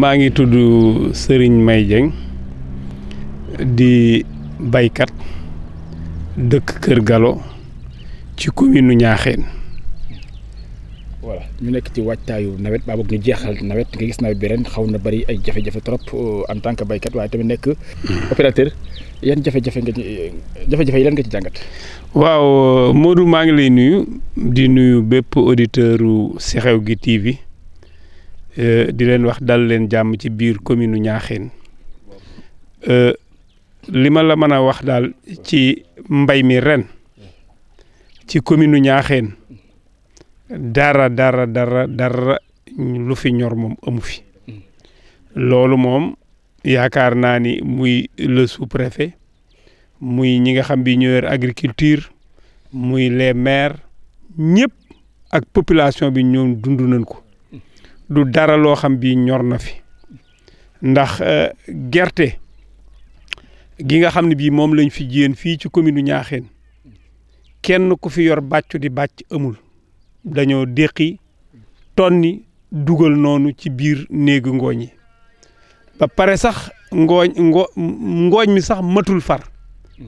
maa ngi tudd Serigne May Dieng di baykat dëkk Kër Galo ci commune nu Ñaaxeen. voilà ñu nekk ci waajtaayu nawet baa boog ñu jeexal nawet nga gis nawet bi ren xaw na bari ay jafe-jafe trop euh, en tant que baykat waaye tamit nekk. opérateur yan jafe-jafe nga jafe nga ci jàngat. waaw Modou maa ngi lay nuyu di nuyu bépp auditeurs u Xew gi TV. Euh, di leen wax dal leen jàmm ci biir commune Niakhène euh, li ma la mën a wax daal ci mbay mi ren ci commune Niakhène dara dara dara dara lu fi ñor moom amu fi loolu moom yaakaar naa ni muy le sous-préfet muy ñi nga xam bi ñëwee agriculture muy les maires ñëpp ak population bi ñoom dund nañ ko du dara loo xam bii ñor na fi ndax euh, gerte gi nga xam ne bii moom lañu fi jiyeen fii ci commune u Ñaaxeen kenn ku fi yor bàccu di bàcc amul dañoo déqi tonni dugal noonu ci biir néegu ngooñ yi ba pare sax ngooñ ngo ngooñ mi sax matul far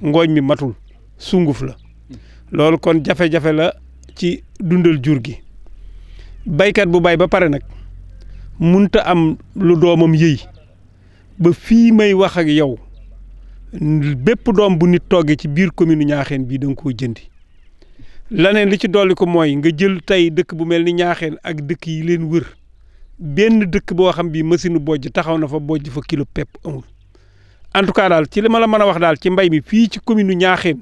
ngooñ mi matul sunguf la loolu kon jafe-jafe la ci dundal jur gi baykat bu bay ba pare nag munta am lu doomam yëy ba fii may wax ak yow bépp doom bu nit toggee ci biir commune ñaaxeen bii da nga koo jëndi laneen li ci dolli ko mooy nga jël tey dëkk bu mel ni ñaaxeen ak dëkk yi leen wër benn dëkk boo xam bii machine bojj taxaw na fa bojj fa kilo pepp amul en tout cas daal ci li ma la mën a wax daal ci mbay mi fii ci commune ñaaxeen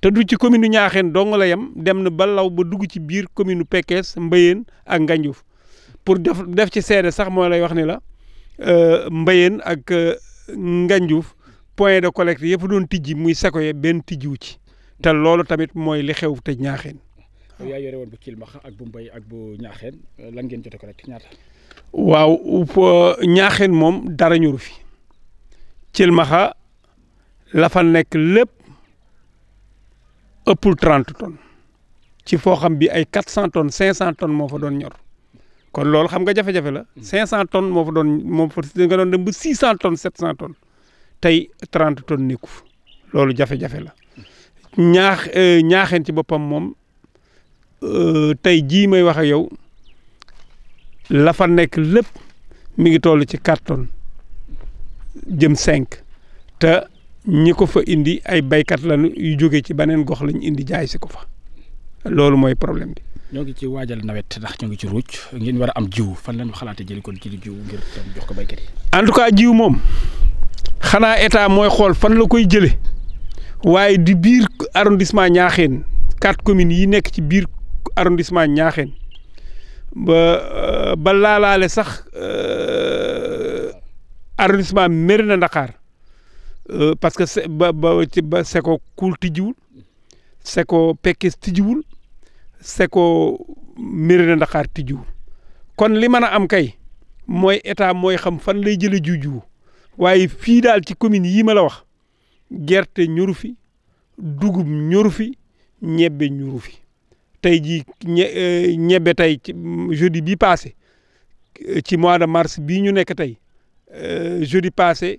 te du ci commune ñaaxeen dong la yem dem na ba law ba dugg ci biir commune Pekes Mbayeen ak Ngandiouf pour def def ci seede sax moo lay wax ni la euh, mbayeen ak euh, nganjuuf point de collecte yëpp doon tijji muy Sekoye benn tijjiwu ci te loolu tamit mooy li xew te ñaaxeen. yaa yore woon bu Kilmaxa ak bu Mbay ak bu ñaaxeen euh, lan ngeen jotee collecte ñaata. waaw ñaaxeen moom dara ñoru fi cilmaxa lafa nekk lépp ëppul trent tonnes ci foo xam bi ay 400 tonnes 500 tonnes moo fa doon ñor. kon loolu xam nga jafe-jafe la. Hmm. cent tonnes moo fa doon moom fa nga doon dem ba 600 tonnes 700 tonnes tey 30 tonnes nekku loolu jafe-jafe la ñaax euh, ñaaxeen ci boppam moom euh, tey jii may wax yow la fa nekk lépp mi ngi toll ci 4 tonnes jëm cinq te ñi ko fa indi ay baykat lañu yu jóge ci beneen gox lañu indi jaay si ko fa loolu mooy problème bi. ñoo ngi ci waajal nawet ndax ñoo ngi ci ruuj ngeen war a am jiw fan lañu xalaate jëli kon ci jiw ngir jox ko béykat yi. en tout cas jiw moom xanaa état mooy xool fan la koy jële waaye di biir arrondissement Niakhène quatre communes yi nekk ci biir arrondissement Niakhène ba euh, ba laalaale sax euh, arrondissement Mérina ndaxaar euh, parce que ba ba ba Seko Koul tijjiwul Seko Pekes tijjiwul. seko Mérina Dakhar tijju kon li mën a am kay mooy état mooy xam fan lay jëlee juju waaye fii daal ci commune yii ma la wax gerte ñoru fi dugub ñoru fi ñebbe ñoru fi tey jii euh, ñebbe tey ci jeudi bi passé euh, ci mois de mars bii ñu nekk tey euh, jeudi passé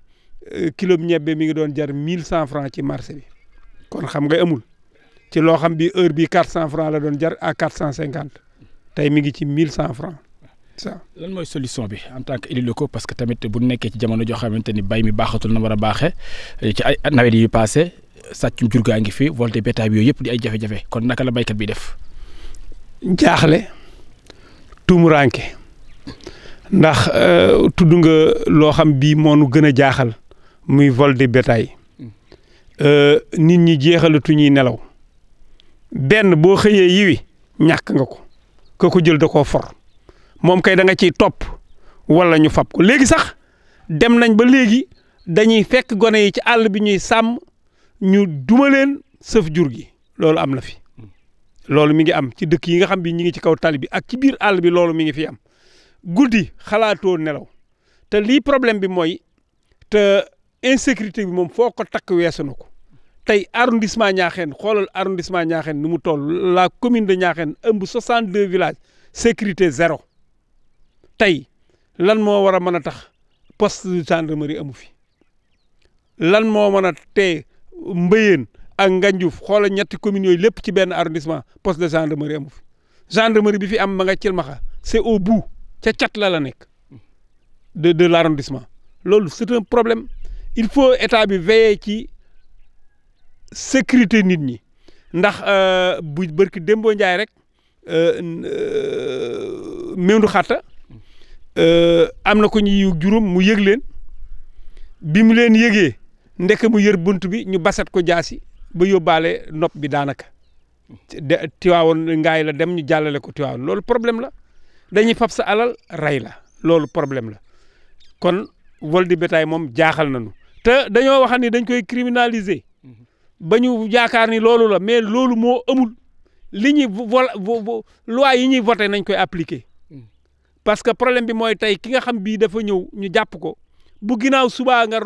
kilo ñebbe mi ngi doon jar mille cent franc ci marché bi kon xam nga amul. ci loo xam bi heure bi quatre cent franc la doon jar à quatre cent cinquante tey mi ngi ci mille cent franc ça. lan mooy solution bi en tant que élu ko parce que tamit bu nekkee ci jamono joo xamante ni bay mi baaxatul na war a baaxee ci ay nawet yi passé sàccum jur gaa ngi fi vol de bétail bi yooyu yëpp di ay jafe-jafe kon naka la baykat bi def. jaaxle tumuranke ndax euh, tudd nga loo xam bii nu gën a jaaxal muy vol de bétail mm. euh, nit ñi jeexalatu ñuy nelaw. benn boo xëyee yiwi ñàkk nga ko ka ko jël da ko for moom kay danga ci topp wala ñu fab ko léegi sax dem nañ ba léegi dañuy fekk gone yi ci àll bi ñuy sàmm ñu duma leen sëf jur gi loolu am na fi loolu mi ngi am ci dëkk yi nga xam bi ñi ngi ci kaw tali bi ak ci biir àll bi loolu mi ngi fi am guddi xalaatoo nelaw te lii problème bi mooy te insécurité bi moom foo ko takk weesu na ko tey arrondissement Niakhène xoolal arrondissement Niakhène nu mu toll la commune de Niakhène ëmb 62 villages sécurité zéro tey lan moo war a mën a tax poste de gendarmerie amu fi lan moo mën a tee Mbéyeen ak Ngandiouf xoolal ñetti communes yooyu lépp ci benn arrondissement poste de gendarmerie amu fi gendarmerie bi fi am ma nga Cilmaxa c'est au bout ca cat la la nekk de de l'arrondissement loolu c'est problème il faut état bi veiller ci. sécurité nit ñi ndax euh, bu barki Dembo Ndiaye rek euh, euh, Mewndu Xatta am na ko ñuy juróom mu yëg leen bi mu leen yëgee ndek mu yër bunt bi ñu basat ko jaasi ba yóbbaale nopp bi daanaka de tiwaawoon ngaay la dem ñu jàllale ko tiwaawoon loolu problème la dañuy fab sa alal rey la loolu problème la kon wol de bétail moom jaaxal nañu te dañoo wax dañ koy criminaliser ba ñu yaakaar ni loolu la mais loolu moo amul li ñuy vo loi yi ñuy voté nañ koy appliqué hmm. parce que problème bi mooy tey ki nga xam bii dafa ñëw ñu jàpp ko bu ginnaaw subaa nga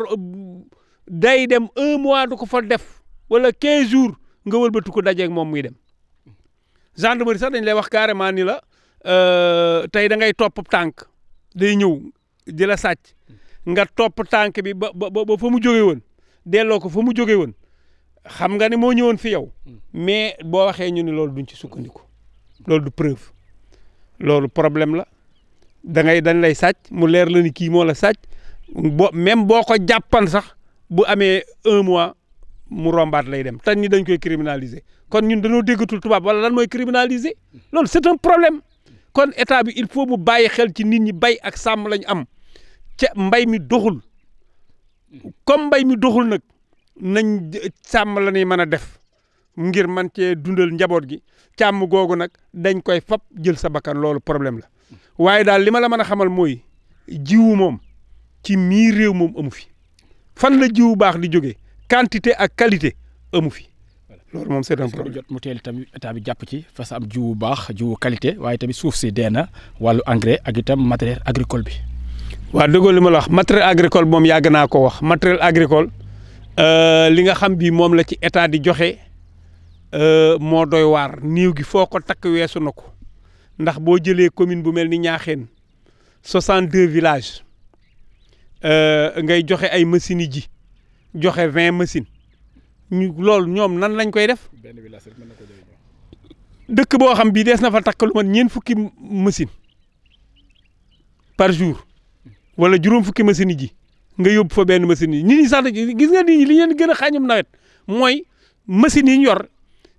day dem un mois du ko fa def wala 15 jours nga wëlbatu ko dajeeg moom muy dem gendarmerie sax dañ lay wax carrément ni la euh, tey da ngay topp tànk day ñëw di la sàcc hmm. nga topp tànk bi ba ba fa mu jóge woon delloo ko fa mu jóge woon xam nga ne moo ñëwoon fi yow. Hmm. mais boo waxee ñu ne loolu duñ ci sukkandiku. loolu du preuve loolu problème la da ngay dañ lay sàcc mu leer la ni kii moo la sàcc bo même boo ko jàppan sax bu amee un mois mu rombaat lay dem tan ñi dañ koy criminaliser kon ñun dañoo déggatul tubaab wala lan mooy criminaliser loolu c'est un problème kon état bi il faut mu bàyyi xel ci nit ñi bay ak sàmm lañ am ca mbay mi doxul comme mbay mi doxul nag. nañ sàmm la ñuy mën a def ngir man cee dundal njaboot gi càmm googu nag dañ koy fab jël sa bakkan loolu problème la waaye daal li ma la mën a xamal mooy jiwu moom ci mii réew moom amu fi fan la jiwu baax di jóge quantité ak qualité amu fi loolu moom c'est un problème jot mu teel tamit état bi jàpp ci fas am jiwu baax jiwu qualité waaye tamit suuf si dee na wàllu engrais ak itam matériel agricole bi. waaw dëgg li ma la wax matériel agricole moom yàgg naa ko wax matériel agricole Euh, li nga xam bi moom la ci état di joxe euh, moo doy waar niiw gi foo ko takk weesu na ko ndax boo jëlee commune bu mel ni Ñaaxeen 62 villages euh, ngay joxe ay machines yi ji joxe 20 machines ñu loolu ñoom nan lañ koy def dëkk boo xam bii des na fa takk lu mat ñeent fukki machine par jour walla juróom fukki machines ji nga yóbbu fa benn machine yi nit ñi sax gis nga nit ñi li ñu leen gën a xàññum nawet mooy machines yi ñu yor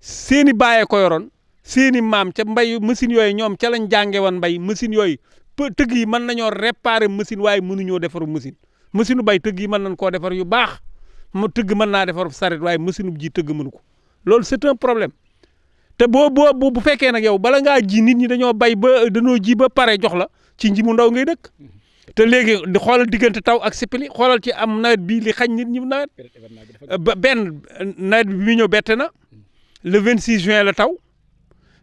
seeni bàyyee ko yoroon seeni maam ca mbay machines yooyu ñoom ca lañ jànge woon mbay machines yooyu tëgg yi mën nañoo réparer machine waaye mënuñoo defaru machine machine bay tëgg yi mën nañ koo defar yu baax mu tëgg mën naa defar saret waaye machine bu ji tëgg mënu ko loolu c'est problème te boo boo bu fekkee nag yow bala ngaa ji nit ñi dañoo bay ba dañoo ji ba pare jox la ci nji ndaw ngay dëkk te léegi di xoolal diggante taw ak sippili xoolal ci am nawet bii li xañ nit ñi nawet ba benn nawet bi mu ñëw bette na le 26 juin la taw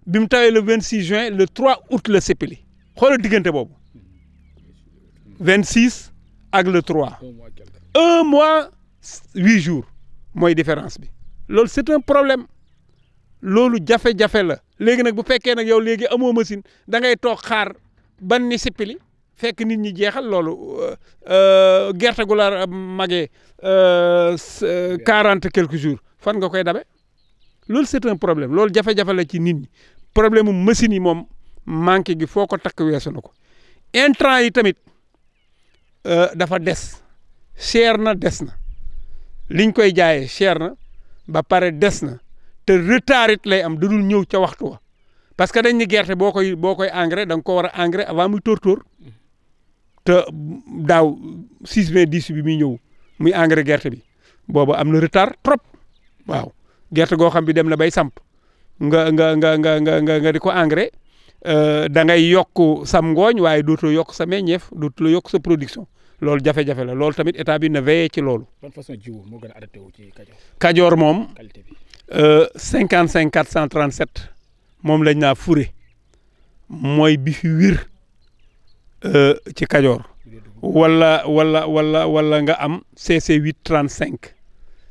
bi mu tawee le 26 juin le trois août la sippili xoolal diggante boobu 26 ak le 3 un mois huit jours mooy différence bi loolu c'est un problème loolu jafe-jafe la léegi nag bu fekkee nag yow léegi amoo machine dangay toog xaar ban ni sippili fekk nit ñi jeexal loolu euh, euh, gerte gu la magee euh, quarante quelque jours fan nga koy dabe loolu c'est un problème loolu jafe-jafe la ci nit ñi problème mu machine yi moom manqué gi foo ko takk weesu na ko intrant yi tamit dafa des cher na des na liñ koy jaayee cher na ba pare des na te retard it lay am dudul ñëw ca waxtu wa parce que dañ gerte boo koy boo koy engrais da nga ko war a engrais avant muy tóortóor mm-hmm. te daaw 6 mai 10 bi muy ñëw muy engrais gerte bi boobu am na retard trop waaw gerte goo xam bi dem na bay samp nga nga nga nga nga nga di ko engrais euh, da ngay yokk sam ngooñ waaye dootoo yokk sa meññeef dootoo yokk sa production loolu jafe-jafe la loolu tamit état bi na veillé ci loolu. ban façon jiwu moo gën a adapté wu ci Kajoor. Kajoor moom. qualité bi 55 euh, 437 moom lañ naa fure mooy bi fi wir. Euh, ci Kajoor walla walla wala wala wala nga am CC 835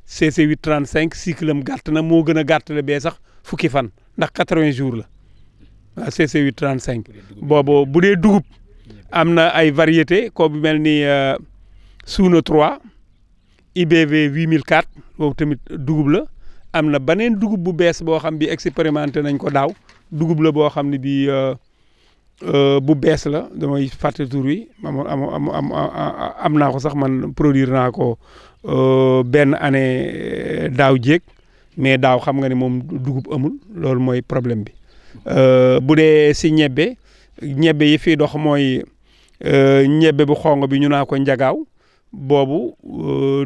CC 835 cinq am gàtt na moo gën a gàttale bee sax fukki fan ndax 80 jours la waaw CC 835 boobu bu dee dugub am na ay variété ko bu mel ni euh, suuna 3 mille 8004 boobu tamit dugub la am na beneen dugub bu bees boo xam bi expérimenté nañ ko daaw dugub la boo xam ne bii euh, Euh, bu bees la damay fàtte tur am am am am naa ko sax man produir naa ko euh, benn année euh, daaw jeeg mais daaw xam nga ni moom dugub amul loolu mooy problème bi bu dee si ñebbe ñebbe yi fii dox mooy ñebbe bu xong bi ñu naa ko njagaaw boobu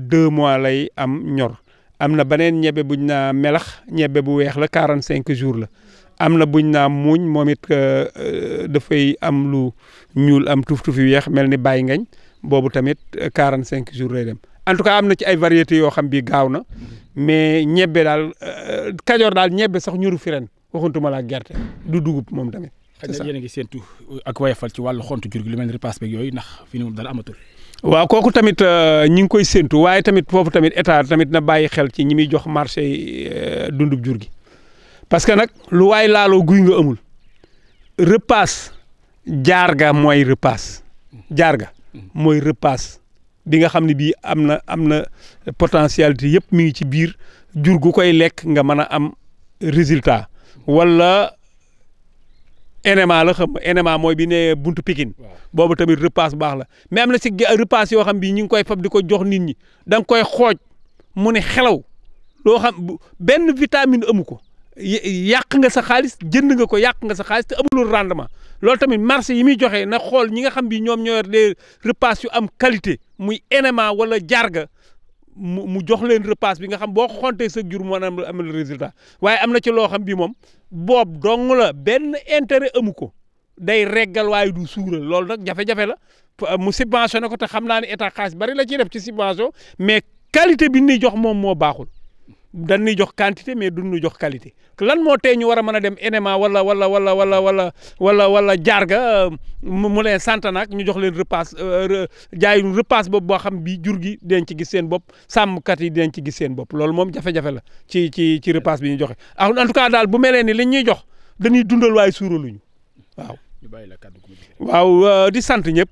deux mois lay am ñor am na beneen ñebbe buñ naa melax ñebbe bu weex la quarante cinq jours la am na buñ naa muuñ moom it euh, euh, dafay am lu ñuul am tuuf-tuuf yu weex mel ni bàyyi ngañ boobu tamit euh, quarante cinq jours lay dem en tout cas am na ci ay variétés yoo xam bi gaaw na mais ñebbe daal kajoor daal ñebbe sax ñuru fi ren waxuntuma laa gerte du dugub moom tamit. xëy na yéen a ngi séentu ak wayafal ci wàllu xontu jur gi lu mel ni repasse beeg yooyu ndax fi ne moom dara amatul. waaw kooku tamit ñi ngi koy séentu waaye tamit foofu tamit état tamit na bàyyi xel ci ñi muy jox marché dundub jur gi. parce que nag lu waay laaloo guy nga amul repasse jaar ga mooy repasse jaar ga mooy repasse bi nga xam ne bii am na am na potentialité yëpp mi ngi ci biir jur gu koy lekk nga mën a am résultat wala NMA la xam NMA mooy bi ne buntu Pikine boobu tamit repasse baax la mais am na si repasse yoo xam bii ñu ngi koy fab di ko jox nit ñi da nga koy xooj mu ne xelaw loo xam benn vitamine amu ko yàq nga sa xaalis jënd nga ko yàq nga sa xaalis te amulul rendement loolu tamit marché yi muy joxe na xool ñi nga xam bi ñoom ñoo yor des repas yu am qualité muy enema wala jarga mu mu jox leen repas bi nga xam boo xontee sa jur mën am amul résultat waaye am na ci loo xam bi moom boob dong la benn intérêt amu ko day reggal waaye du suural loolu nag jafe-jafe la euh, mu subventionné ko te xam naa ne état xaalis bari la ciy def ci subvention mais qualité bi ñuy jox moom moo baaxul. dañ ñuy jox quantité mais dund ñu jox qualité lan moo tee ñu war a mën a dem enema wala wala wala wala wala wala wala jaarga euh, mu leen nag ñu jox leen repasse euh, jaay repasse boobu boo xam bi jur gi dinañ ci gis seen bopp sàmmkat yi dinañ ci gis seen bopp loolu moom jafe-jafe la ci ci ci repasse bi ñu joxe ah, en tout cas daal bu melee ni liñ ñuy jox dañuy dundal waaye suuraluñu waaw. waaw euh, di sant ñëpp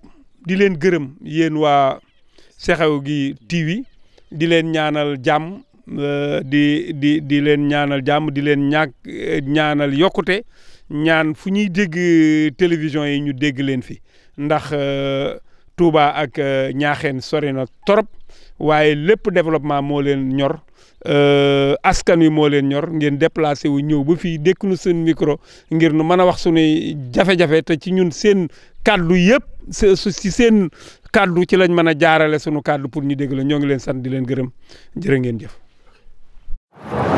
di leen gërëm yéen waa Sekhawgui TV di leen ñaanal jàmm. Euh, di di di leen ñaanal jàmm di leen ñaak euh, ñaanal yokkute ñaan fu ñuy dégg euh, télévision yi ñu dégg leen fi ndax Touba ak Ñaaxeen sori na torop waaye lépp développement moo leen ñor askan wi moo leen ñor ngeen déplacé wu ñëw ba fii dékk nu seen micro ngir nu mën a wax suñuy jafe-jafe te ci ñun seen kàddu yëpp si seen kàddu ci lañ mën a jaarale sunu kàddu pour ñu dégg la ñoo ngi leen sant di leen gërëm jërë ngeen jëf. Thank you.